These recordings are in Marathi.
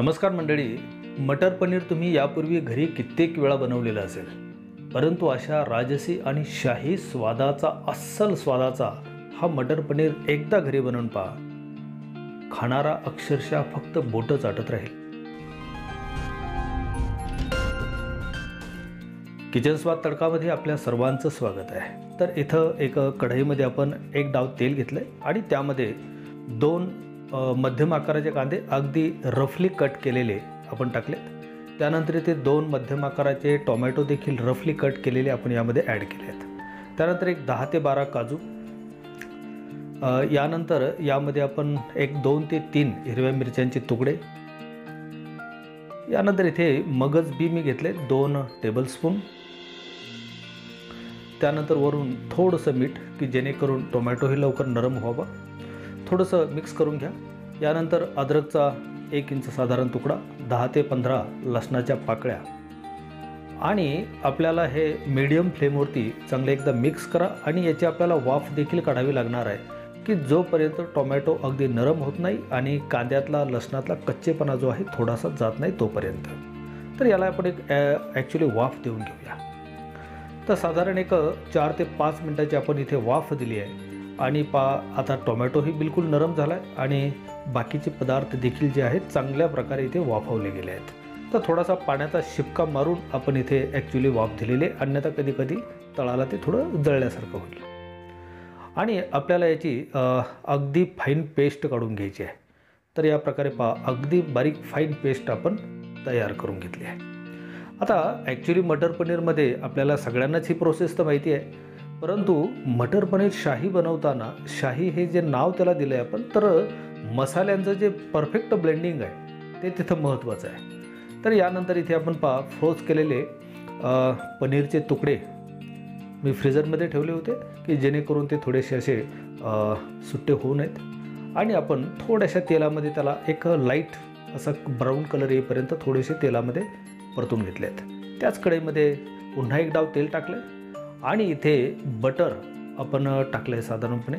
नमस्कार मंडळी मटर पनीर तुम्ही यापूर्वी घरी कित्येक वेळा बनवलेलं असेल परंतु अशा राजसी आणि शाही स्वादाचा अस्सल स्वादाचा हा मटर पनीर एकदा घरी बनवून पहा खाणारा अक्षरशः फक्त बोटच चाटत राहील किचन स्वाद तडकामध्ये आपल्या सर्वांचं स्वागत आहे तर इथं एक कढईमध्ये आपण एक डाव तेल घेतलं आणि त्यामध्ये दोन मध्यम आकाराचे कांदे अगदी रफली कट केलेले आपण टाकलेत त्यानंतर इथे दोन मध्यम आकाराचे टोमॅटो देखील रफली कट केलेले आपण यामध्ये ॲड केले आहेत त्यानंतर एक दहा ते बारा काजू यानंतर यामध्ये आपण एक दोन ते तीन हिरव्या मिरच्यांचे तुकडे यानंतर इथे मगज बी मी घेतले दोन टेबलस्पून त्यानंतर वरून थोडंसं मीठ की जेणेकरून टोमॅटोही लवकर नरम व्हावं थोडंसं मिक्स करून घ्या यानंतर अद्रकचा एक इंच साधारण तुकडा दहा ते पंधरा लसणाच्या पाकळ्या आणि आपल्याला हे मीडियम फ्लेमवरती चांगले एकदा मिक्स करा आणि याची आपल्याला वाफ देखील काढावी लागणार आहे की जोपर्यंत टोमॅटो अगदी नरम होत नाही आणि कांद्यातला लसणातला कच्चेपणा जो आहे थोडासा जात नाही तोपर्यंत तर याला आपण एक ॲक्च्युली वाफ देऊन घेऊया तर साधारण एक चार ते पाच मिनटाची आपण इथे वाफ दिली आहे आणि पा आता टोमॅटोही बिलकुल नरम झाला आहे आणि बाकीचे पदार्थ देखील जे आहेत चांगल्या प्रकारे इथे वाफवले गेले आहेत तर थोडासा पाण्याचा शिपका मारून आपण इथे ॲक्च्युली वाफ दिलेले अन्यथा कधी कधी तळाला ते थोडं जळल्यासारखं होईल आणि आपल्याला याची अगदी फाईन पेस्ट काढून घ्यायची आहे तर या प्रकारे पा अगदी बारीक फाईन पेस्ट आपण तयार करून घेतली आहे आता ॲक्च्युली मटर पनीरमध्ये आपल्याला सगळ्यांनाच ही प्रोसेस तर माहिती आहे परंतु मटर पनीर शाही बनवताना शाही हे जे नाव त्याला दिलं आहे आपण तर मसाल्यांचं जे परफेक्ट ब्लेंडिंग आहे ते तिथं महत्त्वाचं आहे तर यानंतर इथे आपण पा फ्रोज केलेले पनीरचे तुकडे मी फ्रीजरमध्ये ठेवले होते की जेणेकरून ते थोडेसे असे सुट्टे होऊ नयेत आणि आपण थोड्याशा तेलामध्ये त्याला एक लाईट असा ब्राऊन कलर येईपर्यंत थोडेसे तेलामध्ये परतून घेतले आहेत त्याच कढईमध्ये पुन्हा एक डाव तेल टाकलं आणि इथे बटर आपण टाकलं आहे साधारणपणे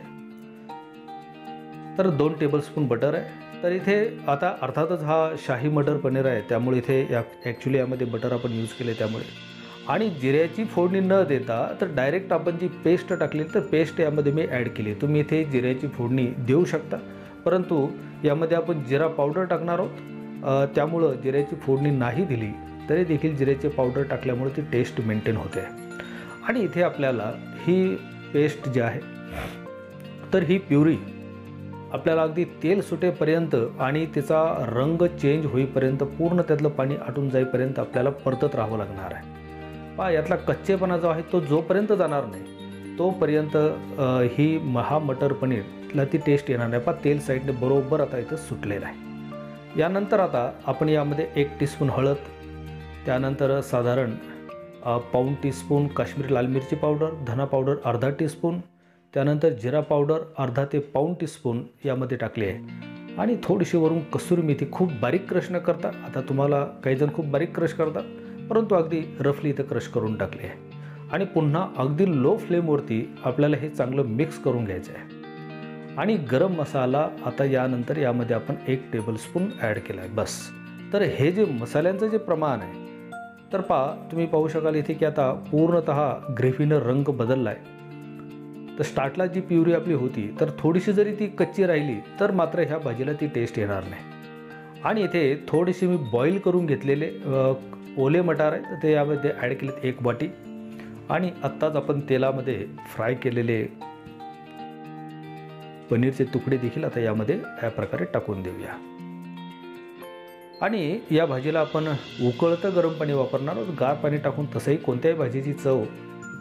तर दोन टेबलस्पून बटर आहे तर इथे आता अर्थातच हा शाही मटर पनीर आहे त्यामुळे इथे या ॲक्च्युली यामध्ये बटर आपण यूज केले त्यामुळे आणि जिऱ्याची फोडणी न देता तर डायरेक्ट आपण जी पेस्ट टाकली तर पेस्ट यामध्ये मी ॲड केली तुम्ही इथे जिऱ्याची फोडणी देऊ शकता परंतु यामध्ये आपण जिरा पावडर टाकणार आहोत त्यामुळं जिऱ्याची फोडणी नाही दिली तरी देखील जिऱ्याची पावडर टाकल्यामुळे ती टेस्ट मेंटेन होते आणि इथे आपल्याला ही पेस्ट जी आहे तर ही प्युरी आपल्याला अगदी तेल सुटेपर्यंत आणि तिचा रंग चेंज होईपर्यंत पूर्ण त्यातलं पाणी आटून जाईपर्यंत आपल्याला परतत राहावं लागणार आहे पा यातला कच्चेपणा जो आहे तो जोपर्यंत जाणार नाही तोपर्यंत ही महा मटर पनीरला ती टेस्ट येणार नाही पा तेल साईडने बरोबर आता इथं सुटलेलं आहे यानंतर आता आपण यामध्ये एक स्पून हळद त्यानंतर साधारण पाऊण टीस्पून काश्मीरी लाल मिरची पावडर धना पावडर अर्धा टीस्पून त्यानंतर जिरा पावडर अर्धा ते पाऊण टीस्पून यामध्ये टाकली आहे आणि थोडीशी वरून कसुरी मेथी खूप बारीक क्रश न करता आता तुम्हाला काहीजण खूप बारीक क्रश करतात परंतु अगदी रफली इथं क्रश करून टाकली आहे आणि पुन्हा अगदी लो फ्लेमवरती आपल्याला हे चांगलं मिक्स करून घ्यायचं आहे आणि गरम मसाला आता यानंतर यामध्ये आपण एक टेबलस्पून ॲड केला आहे बस तर हे जे मसाल्यांचं जे प्रमाण आहे तर पा तुम्ही पाहू शकाल इथे की आता पूर्णत ग्रेफीनं रंग बदलला आहे तर स्टार्टला जी प्युरी आपली होती तर थोडीशी जरी ती कच्ची राहिली तर मात्र ह्या भाजीला ती टेस्ट येणार नाही आणि इथे थोडीशी मी बॉईल करून घेतलेले ओले मटार आहे ते यामध्ये ॲड केलेत एक वाटी आणि आत्ताच आपण तेलामध्ये फ्राय केलेले पनीरचे तुकडे देखील आता यामध्ये या प्रकारे टाकून देऊया आणि या भाजीला आपण उकळतं गरम पाणी वापरणार आहोत गार पाणी टाकून तसंही कोणत्याही भाजीची चव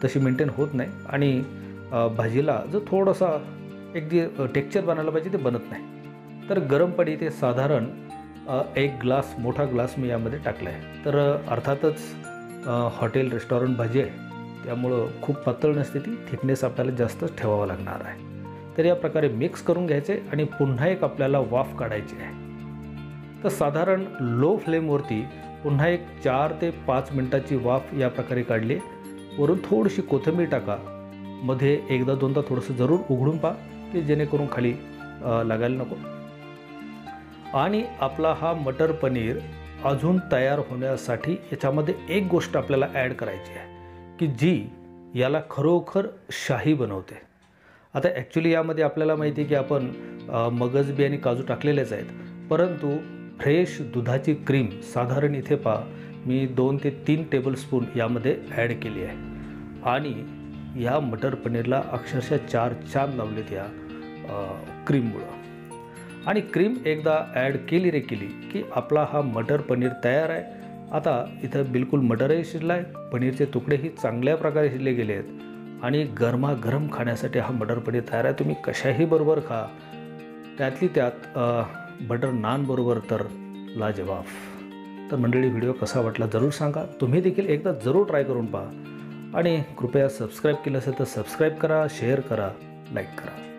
तशी मेंटेन होत नाही आणि भाजीला जो थोडासा एक जे टेक्चर बनायला पाहिजे ते बनत नाही तर गरम पाणी ते साधारण एक ग्लास मोठा ग्लास मी यामध्ये टाकला आहे तर अर्थातच हॉटेल रेस्टॉरंट भाजी आहे त्यामुळं खूप पातळ नसते ती थिकनेस आपल्याला जास्तच ठेवावा लागणार आहे तर या प्रकारे मिक्स करून घ्यायचे आणि पुन्हा एक आपल्याला वाफ काढायची आहे तर साधारण लो फ्लेमवरती पुन्हा एक चार ते पाच मिनटाची वाफ या प्रकारे काढली वरून थोडीशी कोथिंबीर टाका मध्ये एकदा दोनदा थोडंसं जरूर उघडून पा की जेणेकरून खाली लागायला नको आणि आपला हा मटर पनीर अजून तयार होण्यासाठी याच्यामध्ये एक गोष्ट आपल्याला ॲड करायची आहे की जी याला खरोखर शाही बनवते आता ॲक्च्युली यामध्ये आपल्याला माहिती आहे की आपण मगजबी आणि काजू टाकलेलेच आहेत परंतु फ्रेश दुधाची क्रीम साधारण इथे पहा मी दोन ते तीन टेबलस्पून यामध्ये ॲड केली आहे आणि या मटर पनीरला अक्षरशः चार छान लावलेत या क्रीममुळं आणि क्रीम एकदा ॲड केली रे केली की आपला हा मटर पनीर तयार आहे आता इथं बिलकुल मटरही शिजला आहे पनीरचे तुकडेही चांगल्या प्रकारे शिजले गेले आहेत आणि गरमागरम खाण्यासाठी हा मटर पनीर तयार आहे तुम्ही कशाही बरोबर खा त्यातली त्यात बटर नानबरोबर तर लाजवाब तर मंडळी व्हिडिओ कसा वाटला जरूर सांगा तुम्ही देखील एकदा जरूर ट्राय करून पहा आणि कृपया सबस्क्राईब केलं असेल तर सबस्क्राईब करा शेअर करा लाईक करा